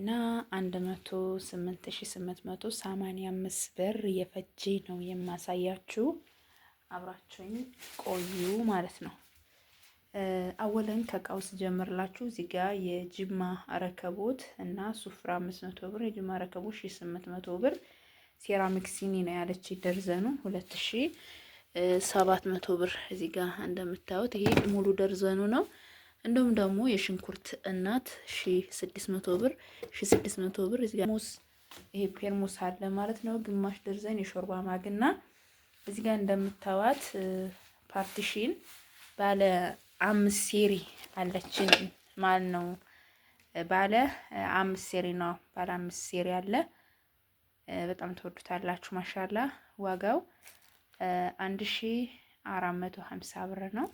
እና 18885 ብር የፈጀ ነው የማሳያችሁ። አብራችሁኝ ቆዩ ማለት ነው። አወለን ከቃውስ ጀምርላችሁ እዚህ ጋር የጅማ ረከቦት እና ሱፍራ 500 ብር፣ የጅማ ረከቦት 800 ብር፣ ሴራሚክ ሲኒ ነው ያለች ደርዘኑ 2700 ብር። እዚህ ጋር እንደምታዩት ይሄ ሙሉ ደርዘኑ ነው። እንዲሁም ደግሞ የሽንኩርት እናት ሺ 1600 ብር ሺ 1600 ብር። እዚህ ጋር ሙስ ይሄ ፔርሙስ አለ ማለት ነው። ግማሽ ደርዘን የሾርባ ማግና እዚህ ጋር እንደምታዋት ፓርቲሽን ባለ አምስት ሴሪ አለችን ማለት ነው። ባለ አምስት ሴሪ ነው። ባለ አምስት ሴሪ አለ። በጣም ተወዱታላችሁ። ማሻላ ዋጋው አንድ ሺ አራት መቶ ሀምሳ ብር ነው።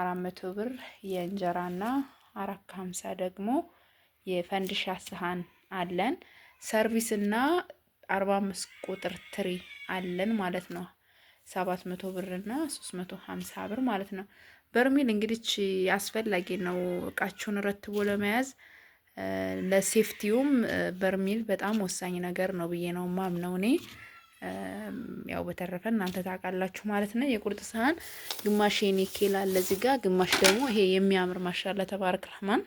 አራት መቶ ብር የእንጀራና አራት ከሀምሳ ደግሞ የፈንድሻ ሰሃን አለን። ሰርቪስ እና አርባ አምስት ቁጥር ትሪ አለን ማለት ነው። ሰባት መቶ ብር እና ሶስት መቶ ሀምሳ ብር ማለት ነው። በርሜል እንግዲህ አስፈላጊ ነው እቃችሁን ረትቦ ለመያዝ ለሴፍቲውም በርሜል በጣም ወሳኝ ነገር ነው ብዬ ነው ማምነው እኔ ያው በተረፈ እናንተ ታውቃላችሁ ማለት ነው። የቁርጥ ሳህን ግማሽ የኔ አለ እዚህ ጋር፣ ግማሽ ደግሞ ይሄ የሚያምር ማሻላ ተባረክ ረህማን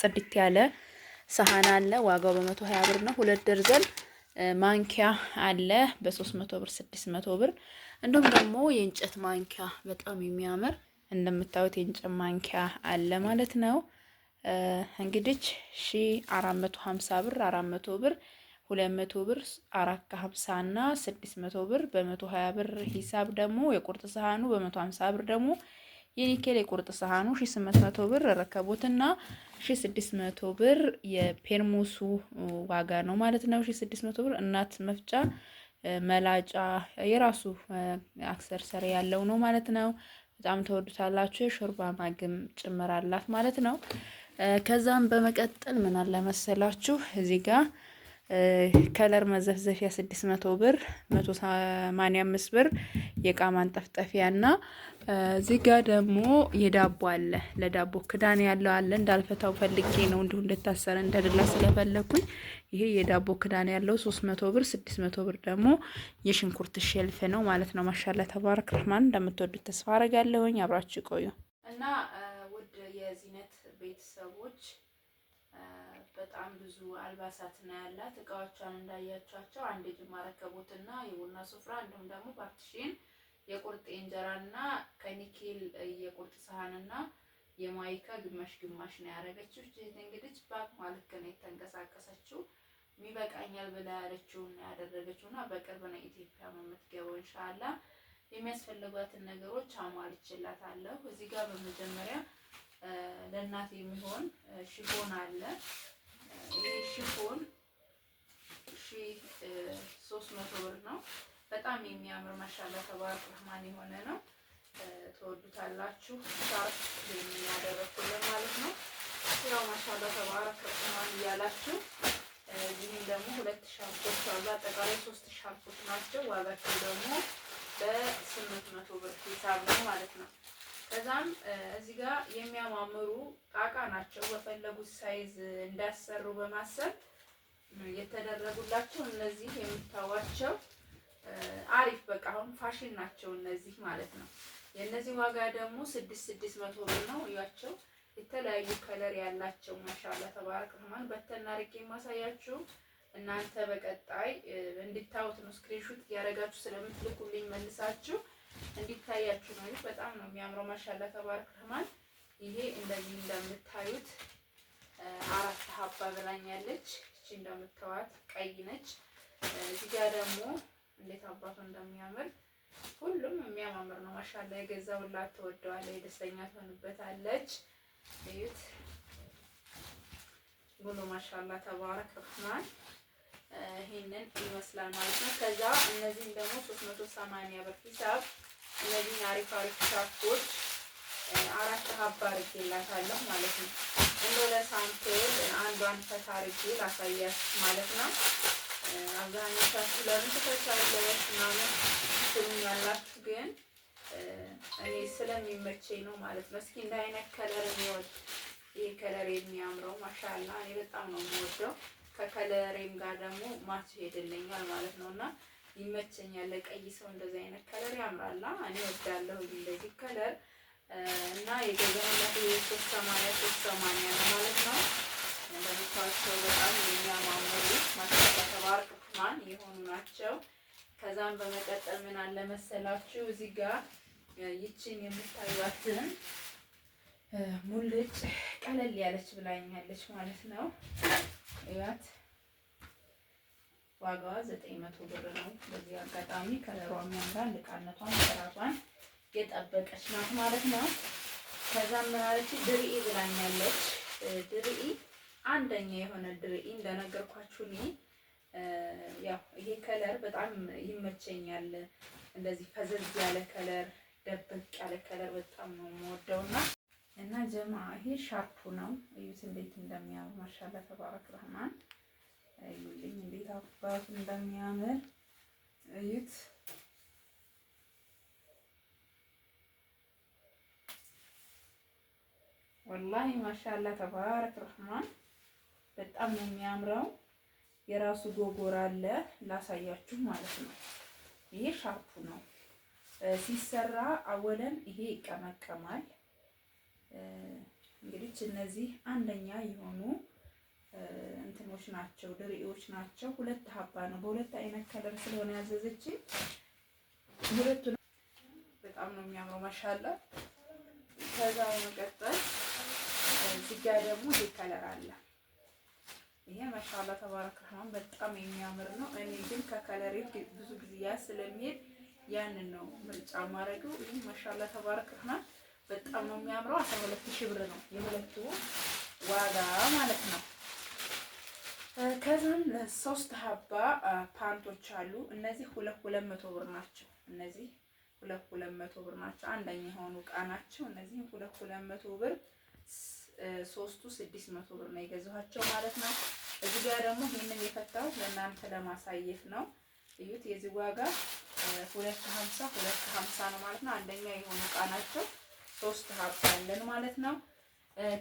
ጽድት ያለ ሳህን አለ። ዋጋው በመቶ ሀያ ብር ነው። ሁለት ደርዘን ማንኪያ አለ በሶስት መቶ ብር ስድስት መቶ ብር። እንዲሁም ደግሞ የእንጨት ማንኪያ በጣም የሚያምር እንደምታዩት የእንጨት ማንኪያ አለ ማለት ነው። እንግዲህ ሺ አራት መቶ ሀምሳ ብር አራት መቶ ብር 200 ብር አራት ከሀምሳ እና 600 ብር በ120 ብር ሂሳብ ደግሞ የቁርጥ ሰሃኑ በ150 ብር ደግሞ የኒኬል የቁርጥ ሰሃኑ ሺ ብር ረከቦት እና ስድስት ብር የፔርሙሱ ዋጋ ነው ማለት ነው። ሺ ብር እናት መፍጫ መላጫ የራሱ አክሰርሰሪ ያለው ነው ማለት ነው። በጣም ተወዱታላችሁ። የሾርባ ማግም ጭምር አላት ማለት ነው። ከዛም በመቀጠል ምን አለ መሰላችሁ እዚህ ጋር ከለር መዘፍዘፊያ 600 ብር 185 ብር የእቃ ማንጠፍጠፊያ እና እዚህ ጋር ደግሞ የዳቦ አለ። ለዳቦ ክዳን ያለው አለ። እንዳልፈታው ፈልጌ ነው እንዲሁ እንደታሰረ እንደድላ ስለፈለኩኝ ይሄ የዳቦ ክዳን ያለው 300 ብር 600 ብር ደግሞ የሽንኩርት ሼልፍ ነው ማለት ነው። ማሻላ ተባረክ ረህማን። እንደምትወዱት ተስፋ አረጋለሁኝ። አብራችሁ ቆዩ እና ውድ የዚነት ቤተሰቦች በጣም ብዙ አልባሳት ነው ያላት። እቃዎቿን እንዳያቸዋቸው አንድ የጅማ ረከቦት እና የቡና ስፍራ እንዲሁም ደግሞ ፓርቲሽን የቁርጥ እንጀራ ከኒኬል የቁርጥ ሳህንና የማይካ ግማሽ ግማሽ ነው ያደረገችው። ይህን እንግዲህ ባክ ማለት ነው የተንቀሳቀሰችው ሚበቃኛል ብላ ያለችውን ያደረገችው እና በቅርብ ነው ኢትዮጵያ የምትገባው እንሻላ። የሚያስፈልጓትን ነገሮች አሟልቼላታለሁ። እዚህ ጋር በመጀመሪያ ለእናት የሚሆን ሽፎን አለ። ሽፎን ሺህ ሶስት መቶ ብር ነው። በጣም የሚያምር ማሻላ ተባረክ ረህማን የሆነ ነው። ተወዱታላችሁ። ሻርፕ የሚያደረግኩልን ማለት ነው። ያው ማሻላ ተባረክ ረህማን እያላችሁ ይህም ደግሞ ሁለት ሻርፖች አሉ። አጠቃላይ ሶስት ሻርፖች ናቸው። ዋጋቸው ደግሞ በስምንት መቶ ብር ሂሳብ ነው ማለት ነው። ከዛም እዚህ ጋር የሚያማምሩ ቃቃ ናቸው። በፈለጉት ሳይዝ እንዳሰሩ በማሰብ የተደረጉላቸው እነዚህ የምታዋቸው አሪፍ በቃ አሁን ፋሽን ናቸው እነዚህ ማለት ነው። የእነዚህ ዋጋ ደግሞ ስድስት ስድስት መቶ ብር ነው። እያቸው የተለያዩ ከለር ያላቸው ማሻላ ተባረክ ረህማን በተና ርቄ የማሳያችሁ እናንተ በቀጣይ እንድታዩት ነው። ስክሪንሹት እያደረጋችሁ ስለምትልኩልኝ መልሳችሁ እንዲታያችሁ ነው። በጣም ነው የሚያምረው። ማሻላ ተባረክ ረህማን። ይሄ እንደዚህ እንደምታዩት አራት ሀባ ብላኛለች። እቺ እንደምታዋት ቀይ ነች። እዚህ ጋር ደግሞ እንዴት አባቱ እንደሚያምር ሁሉም የሚያማምር ነው። ማሻላ የገዛውላት ተወደዋለ፣ የደስተኛ ትሆንበታለች። እዩት ብሎ ማሻላ ተባረክ ረህማን። ይሄንን ይመስላል ማለት ነው። ከዛ እነዚህም ደግሞ 380 ብር ሂሳብ እነዚህን አሪፍ አሪፍ ሻርፖች አራት ሀባ አድርጌላታለሁ ማለት ነው። እንደው ለሳምፕል አንዷን ፈታ አድርጌ ላሳያችሁ ማለት ነው። አብዛኞቻችሁ ለምን ትፈቻለሽ ምናምን ያላችሁ ግን እኔ ስለሚመቸኝ ነው ማለት ነው። እስኪ እንደ አይነት ከለር የሚወድ ይህ ከለር የሚያምረው ማሻላ እኔ በጣም ነው የምወደው። ከከለሬም ጋር ደግሞ ማች ሄድልኛል ማለት ነው እና ይመቸኛል። ለቀይ ሰው እንደዚህ አይነት ከለር ያምራላ። እኔ ወዳለሁ እንደዚህ ከለር እና የገዛሁላት የሶስት ሰማንያ ሶስት ሰማንያ ነው ማለት ነው። እንደምታቸው በጣም የሚያማምሩ ማሻላ ተባረክ የሆኑ ናቸው። ከዛም በመቀጠል ምን አለ መሰላችሁ እዚህ ጋር ይችን የምታዩትን ሙልጭ ቀለል ያለች ብላኛለች ማለት ነው ያት ዋጋዋ ዘጠኝ መቶ ብር ነው። በዚህ አጋጣሚ ከለሯን ያምራል፣ እቃነቷን ጥራቷን የጠበቀች ናት ማለት ነው። ከዛም ምናለች ድርኢ ብላኛለች። ድርኢ አንደኛ የሆነ ድርኢ እንደነገርኳችሁ እኔ ያው ይሄ ከለር በጣም ይመቸኛል። እንደዚህ ፈዘዝ ያለ ከለር፣ ደበቅ ያለ ከለር በጣም ነው የምወደው የምወደውና እና ጀማ ይሄ ሻርፑ ነው። እዩት እንዴት እንደሚያምር ማሻላ ተባረክ ረህማን እዩልኝ እንዴት አባቱ እንደሚያምር እዩት። ወላሂ ማሻላ ተባረክ ረህማን በጣም ነው የሚያምረው። የራሱ ጎጎር አለ ላሳያችሁ ማለት ነው። ይሄ ሻርፑ ነው ሲሰራ። አወለን ይሄ ይቀመቀማል። እንግዲህ እነዚህ አንደኛ የሆኑ እንትኖች ናቸው፣ ድሪዎች ናቸው። ሁለት ሀባ ነው። በሁለት አይነት ከለር ስለሆነ ያዘዘች ሁለቱ በጣም ነው የሚያምረው። ማሻላ ከዛ በመቀጠል እዚጋ ደግሞ ይህ ከለር አለ። ይሄ ማሻላ ተባረክ ረህማን በጣም የሚያምር ነው። እኔ ግን ከከለሬ ብዙ ጊዜ ያ ስለሚሄድ ያንን ነው ምርጫ ማድረገው። ይህ ማሻላ ተባረክ ረህማን በጣም ነው የሚያምረው። አስራ ሁለት ሺህ ብር ነው የሁለቱ ዋጋ ማለት ነው። ከዛም ሶስት ሀባ ፓንቶች አሉ። እነዚህ ሁለት ሁለት መቶ ብር ናቸው። እነዚህ ሁለት ሁለት መቶ ብር ናቸው። አንደኛ የሆኑ እቃ ናቸው። እነዚህ ሁለት ሁለት መቶ ብር ሶስቱ ስድስት መቶ ብር ነው የገዛኋቸው ማለት ነው። እዚህ ጋር ደግሞ ይህንን የፈታሁት ለእናንተ ለማሳየት ነው። እዩት። የዚህ ዋጋ ሁለት ሀምሳ ሁለት ሀምሳ ነው ማለት ነው። አንደኛ የሆኑ እቃ ናቸው። ሶስት ሀባ አለን ማለት ነው።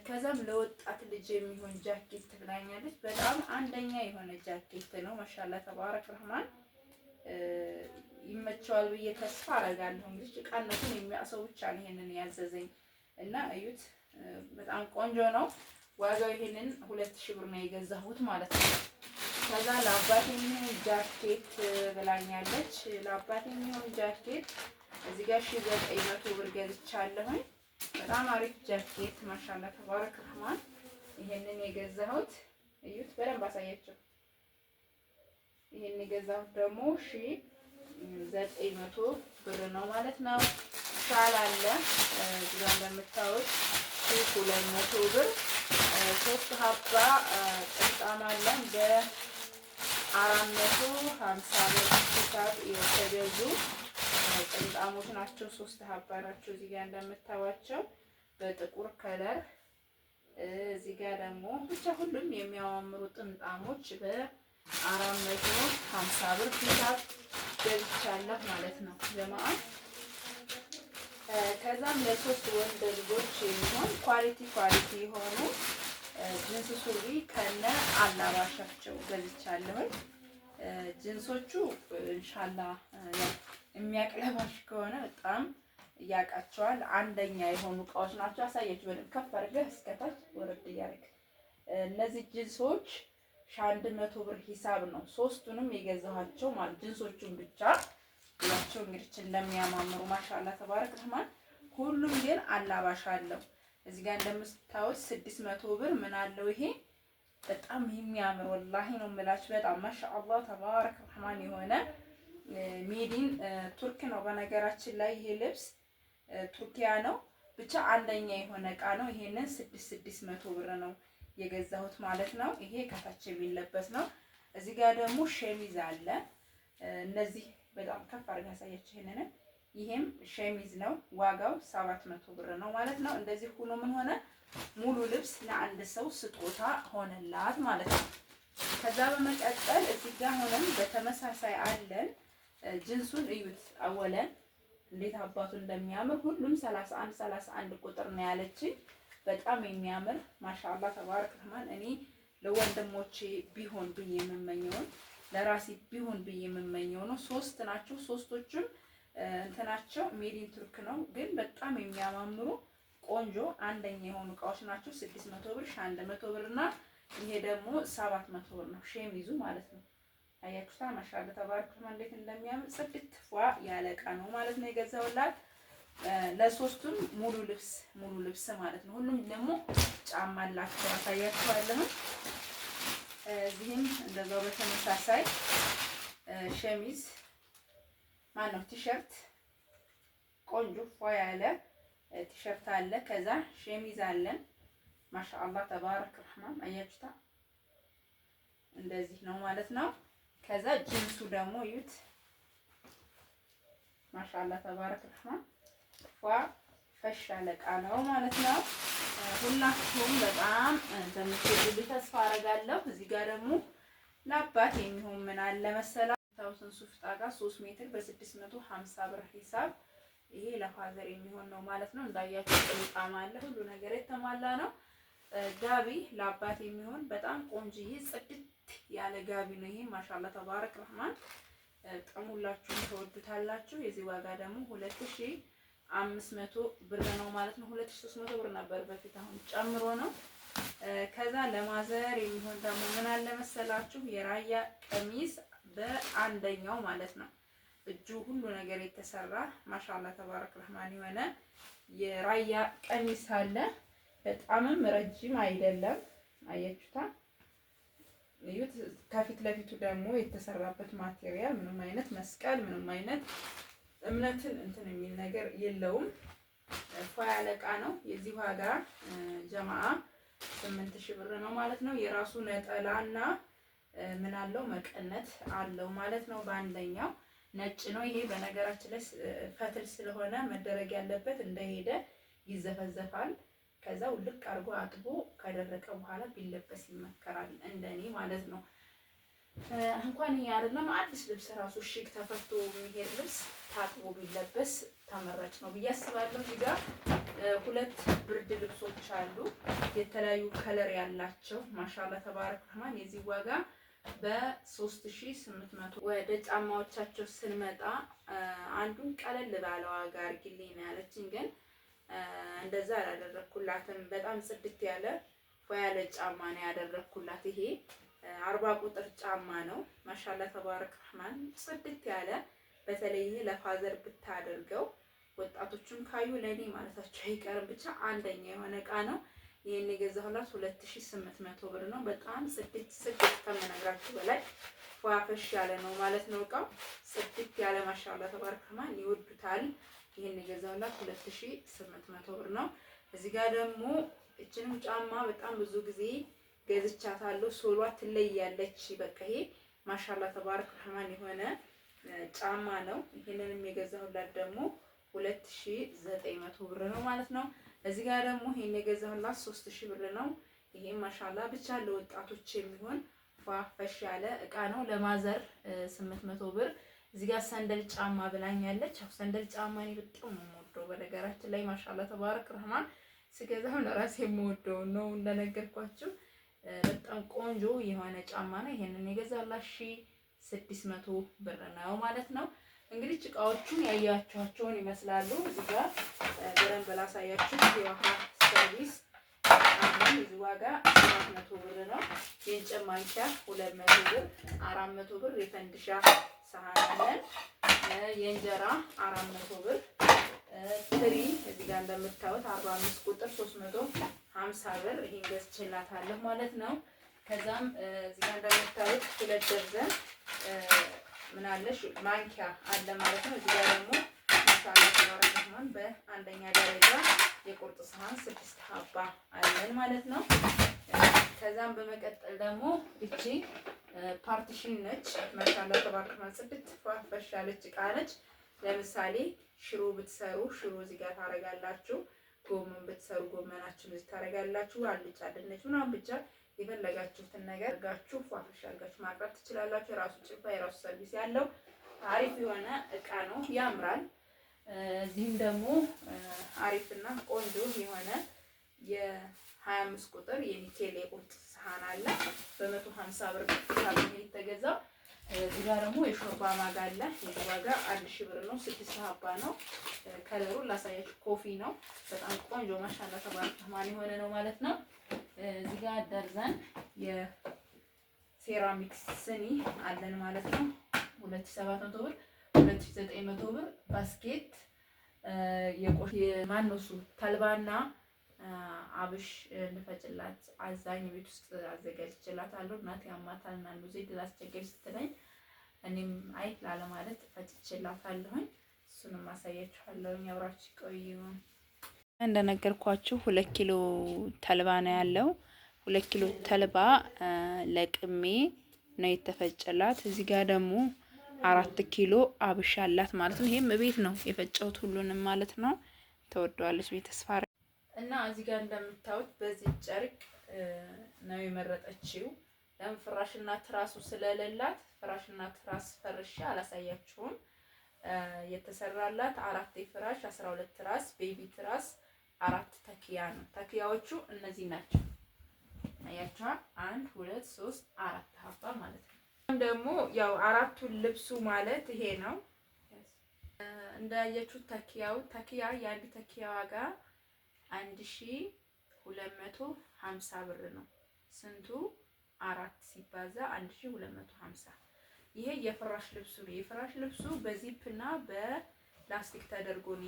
ከዛም ለወጣት ልጅ የሚሆን ጃኬት ትብላኛለች። በጣም አንደኛ የሆነ ጃኬት ነው። ማሻላ ተባረክ ረህማን ይመቸዋል ብዬ ተስፋ አረጋለሁ። እንግዲህ ጭቃነቱን የሚያሰው ብቻ ነው ይሄንን ያዘዘኝ እና እዩት፣ በጣም ቆንጆ ነው። ዋጋው ይሄንን ሁለት ሺህ ብር ነው የገዛሁት ማለት ነው። ከዛ ለአባት የሚሆን ጃኬት ብላኛለች። ለአባት የሚሆን ጃኬት እዚህ ጋር ሺህ ዘጠኝ መቶ ብር ገዝቻለሁኝ። በጣም አሪፍ ጃኬት ማሻላ ተባረክ ረህማን። ይሄንን የገዛሁት እዩት፣ በደንብ አሳያቸው። ይሄን የገዛሁት ደግሞ ሺ ዘጠኝ መቶ ብር ነው ማለት ነው። ሻል አለ እዛ እንደምታዩት ሺ ሁለት መቶ ብር ሶስት ሀባ ጥምጣም አለን በአራት መቶ ሀምሳ ብር ሂሳብ የተገዙ ጥምጣሞች ናቸው። ሶስት ሀባ ናቸው። እዚህ ጋር እንደምታዋቸው በጥቁር ከለር እዚህ ጋር ደግሞ ብቻ ሁሉም የሚያማምሩ ጥምጣሞች በአራት መቶ ሀምሳ ብር ሂሳብ ገብቻለሁ ማለት ነው ለማአት ከዛም ለሶስት ወንድ ልጆች የሚሆን ኳሊቲ ኳሊቲ የሆኑ ጅንስ ሱሪ ከነ አላባሻቸው ገዝቻለሁ። ጅንሶቹ ኢንሻአላህ የሚያቅለባሽ ከሆነ በጣም ያውቃቸዋል። አንደኛ የሆኑ እቃዎች ናቸው። አሳያችሁ በደንብ ከፍ አድርገህ እስከታች ወረድ እያደረግ እነዚህ ጅንሶች ሺህ 100 ብር ሂሳብ ነው። ሶስቱንም የገዛኋቸው ማለት ጅንሶቹን ብቻ ናቸው። እንግዲህ እንደሚያማምሩ ማሻአላ ተባረክ ረህማን። ሁሉም ግን አላባሽ አለው። እዚህ ጋር እንደምታዩት 600 ብር ምን አለው ይሄ በጣም የሚያምር ወላሂ ነው የምላችሁ። በጣም ማሻአላ ተባረክ ረህማን የሆነ ሜዲን ቱርክ ነው። በነገራችን ላይ ይሄ ልብስ ቱርኪያ ነው። ብቻ አንደኛ የሆነ እቃ ነው። ይሄንን ስድስት ስድስት መቶ ብር ነው የገዛሁት ማለት ነው። ይሄ ከታች የሚለበስ ነው። እዚህ ጋር ደግሞ ሸሚዝ አለ። እነዚህ በጣም ከፍ አድርጋ ያሳያችሁ። ይሄንን ይሄም ሸሚዝ ነው። ዋጋው 700 ብር ነው ማለት ነው። እንደዚህ ሁሉ ምን ሆነ ሙሉ ልብስ ለአንድ ሰው ስጦታ ሆነላት ማለት ነው። ከዛ በመቀጠል እዚህ ጋር ሆነን በተመሳሳይ አለን ጅንሱን እዩት። አወለን እንዴት አባቱ እንደሚያምር ሁሉም 31 አንድ ቁጥር ነው ያለችኝ። በጣም የሚያምር ማሻአላ ተባረክ ረህማን። እኔ ለወንድሞቼ ቢሆን ብዬ የምመኘውን ለራሴ ቢሆን ብዬ የምመኘው ነው። ሶስት ናቸው። ሶስቶችም እንትናቸው ሜዲን ቱርክ ነው፣ ግን በጣም የሚያማምሩ ቆንጆ አንደኛ የሆኑ እቃዎች ናቸው። ስድስት መቶ ብር ሺህ መቶ ብር እና ይሄ ደግሞ ሰባት ብር ነው ሸሚዙ ማለት ነው። አያችሁታ ማሻአላ ተባረክ እንዴት እንደሚያምር ጽድት ፏ ያለ እቃ ነው ማለት ነው የገዛውላት። ለሶስቱም ሙሉ ልብስ ሙሉ ልብስ ማለት ነው። ሁሉም ደግሞ ጫማ አላቸው አሳያችኋለሁ። እዚህም እንደዛው በተመሳሳይ ሸሚዝ ማነው ቲሸርት ቆንጆ ፏ ያለ ቲሸርት አለ። ከዛ ሸሚዝ አለን። ማሻአላ ተባረክ ረህማን አያችሁታ እንደዚህ ነው ማለት ነው። ከዛ ጅንሱ ደግሞ ዩት ማሻአላ ተባረክ ረህማን ዋ ፈሽ ያለ ዕቃ ነው ማለት ነው። ሁላችሁም በጣም እንደምትወዱ ተስፋ አደርጋለሁ። እዚህ ጋር ደግሞ ለአባት የሚሆን ምን አለ መሰላ ታውሰን ሱፍ ጣቃ 3 ሜትር በ650 ብር ሂሳብ ይሄ ለፋዘር የሚሆን ነው ማለት ነው። እንዳያችሁ ጥምጣም አለ፣ ሁሉ ነገር የተሟላ ነው። ጋቢ ለአባት የሚሆን በጣም ቆንጆ ይህ ጽድት ያለ ጋቢ ነው። ይሄ ማሻላ ተባረክ ረህማን በጣም ተወዱታላችሁ። የዚህ ዋጋ ደግሞ ሁለት ሺህ አምስት መቶ ብር ነው ማለት ነው። ሁለት መቶ ብር ነበር በፊት አሁን ጨምሮ ነው። ከዛ ለማዘር የሚሆን ደግሞ ምን አለ መሰላችሁ የራያ ቀሚስ በአንደኛው ማለት ነው። እጁ ሁሉ ነገር የተሰራ ማሻላ ተባረክ ረህማን የሆነ የራያ ቀሚስ አለ። በጣምም ረጅም አይደለም። አያችሁታል። እዩት። ከፊት ለፊቱ ደግሞ የተሰራበት ማቴሪያል ምንም አይነት መስቀል፣ ምንም አይነት እምነትን እንትን የሚል ነገር የለውም። ፏ ያለ እቃ ነው። የዚህ ዋጋ ጀማአ ስምንት ሺህ ብር ነው ማለት ነው። የራሱ ነጠላና ምን አለው መቀነት አለው ማለት ነው። በአንደኛው ነጭ ነው። ይሄ በነገራችን ላይ ፈትል ስለሆነ መደረግ ያለበት እንደሄደ ይዘፈዘፋል። ከዛው ውልቅ አድርጎ አጥቦ ከደረቀ በኋላ ቢለበስ ይመከራል፣ እንደኔ ማለት ነው። እንኳን ይሄ አይደለም አዲስ ልብስ ራሱ ሽክ ተፈቶ የሚሄድ ልብስ ታጥቦ ቢለበስ ተመራጭ ነው ብዬ አስባለሁ። እዚህ ጋር ሁለት ብርድ ልብሶች አሉ የተለያዩ ከለር ያላቸው ማሻላ ተባረክ ረህማን። የዚህ ዋጋ በ3800። ወደ ጫማዎቻቸው ስንመጣ አንዱን ቀለል ባለ ዋጋ አድርጊልኝ ነው ያለችኝ ግን እንደዛ አላደረግኩላትም። በጣም ጽድት ያለ ፏ ያለ ጫማ ነው ያደረግኩላት። ይሄ አርባ ቁጥር ጫማ ነው። ማሻላ ተባረክ ረህማን ጽድት ያለ በተለይ ይሄ ለፋዘር ብታደርገው ወጣቶቹም ካዩ ለእኔ ማለታቸው አይቀርም። ብቻ አንደኛ የሆነ እቃ ነው። ይህን የገዛሁላት ሁለት ሺህ ስምንት መቶ ብር ነው። በጣም ጽድት ጽድት ከምነግራችሁ በላይ ፏፈሽ ያለ ነው ማለት ነው። እቃው ጽድት ያለ ማሻላ ተባረክ ረህማን ይወዱታል። ይሄን የገዛሁላት ሁለት ሺህ መቶ ብር ነው። እዚህ ጋር ደግሞ እችንም ጫማ በጣም ብዙ ጊዜ ገዝቻታለሁ። ሶሏ ትለያለች። በቃ ይሄ ማሻላ ተባረክ ረህማን የሆነ ጫማ ነው። ይሄንንም የገዛሁላት ደግሞ 2900 መቶ ብር ነው ማለት ነው። እዚህ ጋር ደግሞ ይሄን የገዛሁላት ሶስት ሺህ ብር ነው። ይሄም ማሻላ ብቻ ለወጣቶች የሚሆን ፏፈሽ ያለ እቃ ነው። ለማዘር 800 መቶ ብር እዚህ ጋር ሰንደል ጫማ ብላኝ ያለች ያው ሰንደል ጫማ እኔ በጣም ነው የምወደው። በነገራችን ላይ ማሻላ ተባረክ ረህማን ስገዛው ለራሴ የምወደው ነው እንደነገርኳችሁ በጣም ቆንጆ የሆነ ጫማ ነው። ይሄንን የገዛላት ሺህ ስድስት መቶ ብር ነው ማለት ነው። እንግዲህ እቃዎቹን ያያችኋቸውን ይመስላሉ። እዚህ ጋር በደንብ ላሳያችሁ። የውሃ ሰርቪስ እዚህ ዋጋ አራት መቶ ብር ነው። የእንጨት ማንኪያ ሁለት መቶ ብር፣ አራት መቶ ብር የፈንድሻ ሰሃን አለን። የእንጀራ አራት መቶ ብር ትሪ እዚህ ጋር እንደምታዩት አርባ አምስት ቁጥር ሶስት መቶ ሀምሳ ብር ይሄን ገዝቼላታለሁ ማለት ነው። ከዛም እዚህ ጋር እንደምታዩት ሁለት ደርዘን ምናለሽ ማንኪያ አለ ማለት ነው። እዚህ ጋር ደግሞ ሳላ በአንደኛ ደረጃ የቁርጥ ሰሃን ስድስት ሀባ አለን ማለት ነው። ከዛም በመቀጠል ደግሞ እቺ ፓርቲሽን ነች። ማሻላ ተባረክ ጽድት ፏፈሽ እቃ ነች። ለምሳሌ ሽሮ ብትሰሩ ሽሮ እዚህ ጋር ታረጋላችሁ። ጎመን ብትሰሩ ጎመናችሁን እዚህ ታረጋላችሁ። አልጫ፣ ድንች ምናምን ብቻ የፈለጋችሁትን ነገር አድርጋችሁ ፏፈሽ አድርጋችሁ ማቅረብ ትችላላችሁ። የራሱ ጭልፋ፣ የራሱ ሰርቪስ ያለው አሪፍ የሆነ እቃ ነው። ያምራል። እዚህም ደግሞ አሪፍና ቆንጆ የሆነ የ25 ቁጥር የሚኬል የቁርጥ ሳህን አለ በመቶ ሀምሳ ብር ሳብር የተገዛው። እዛ ደግሞ የሾርባ ማጋ አለ። ዋጋ አንድ ሺህ ብር ነው። ስድስት ሀባ ነው። ከለሩ ላሳያችሁ ኮፊ ነው። በጣም ቆንጆ ማሻላ ተባረክ ማን የሆነ ነው ማለት ነው። እዚህ ጋር ደርዘን የሴራሚክስ ስኒ አለን ማለት ነው። ሁለት ሺህ ሰባት መቶ ብር፣ ሁለት ሺህ ዘጠኝ መቶ ብር ባስኬት የማነሱ ተልባና አብሽ እንፈጭላት አዛኝ ቤት ውስጥ እናት እናቴ አማታልና ብዙ ላስቸገር ስትለኝ እኔም አይ ላለማለት አለሁኝ። እሱንም አሳያችኋለሁ አብራችሁ ቆዩ። እንደነገርኳችሁ ሁለት ኪሎ ተልባ ነው ያለው። ሁለት ኪሎ ተልባ ለቅሜ ነው የተፈጨላት። እዚህ ጋር ደግሞ አራት ኪሎ አብሽ አላት ማለት ነው። ይሄም ቤት ነው የፈጨሁት ሁሉንም ማለት ነው። ተወደዋለች ቤተስፋ እና እዚህ ጋር እንደምታዩት በዚህ ጨርቅ ነው የመረጠችው። ለምን ፍራሽና ትራሱ ስለሌላት ፍራሽና ትራስ ፈርሻ አላሳያችሁም። የተሰራላት አራት ፍራሽ 12 ትራስ ቤቢ ትራስ አራት ተክያ ነው። ተክያዎቹ እነዚህ ናቸው። አያችኋል? አንድ ሁለት ሶስት አራት ሀባ ማለት ነው። ደግሞ ያው አራቱን ልብሱ ማለት ይሄ ነው። እንዳያችሁት ተኪያው ተኪያ የአንድ ተኪያ ዋጋ አንድ ሺ ሁለት መቶ ሀምሳ ብር ነው። ስንቱ አራት ሲባዛ አንድ ሺ ሁለት መቶ ሀምሳ ይሄ የፍራሽ ልብሱ ነው። የፍራሽ ልብሱ በዚፕ እና በላስቲክ ተደርጎ ነው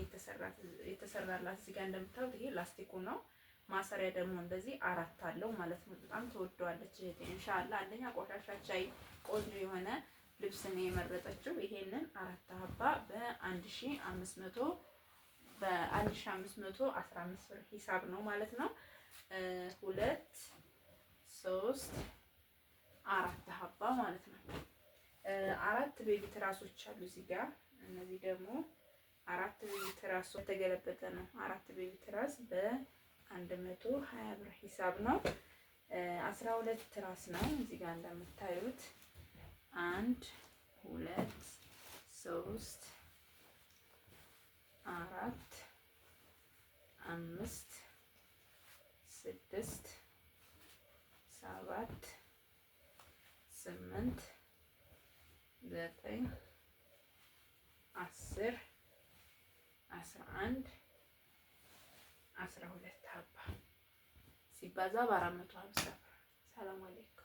የተሰራላት። እዚህ ጋር እንደምታዩት ይሄ ላስቲኩ ነው። ማሰሪያ ደግሞ እንደዚህ አራት አለው ማለት ነው። በጣም ተወደዋለች እህቴ ኢንሻአላ። አንደኛ ቆሻሻ ቻይ ቆንጆ የሆነ ልብስ ነው የመረጠችው። ይሄንን አራት አባ በአንድ ሺ አምስት መቶ በ1515 ብር ሂሳብ ነው ማለት ነው። ሁለት ሶስት አራት ሀባ ማለት ነው። አራት ቤቢ ትራሶች አሉ እዚህ ጋር። እነዚህ ደግሞ አራት ቤቢ ትራስ የተገለበጠ ነው። አራት ቤቢ ትራስ በ120 ብር ሂሳብ ነው። 12 ትራስ ነው እዚህ ጋር እንደምታዩት አንድ ሁለት ሶስት አራት አምስት ስድስት ሰባት ስምንት ዘጠኝ አስር አስራ አንድ አስራ ሁለት ሀባ ሲባዛ በአራት መቶ ሀምሳ ሰላም አለይኩም።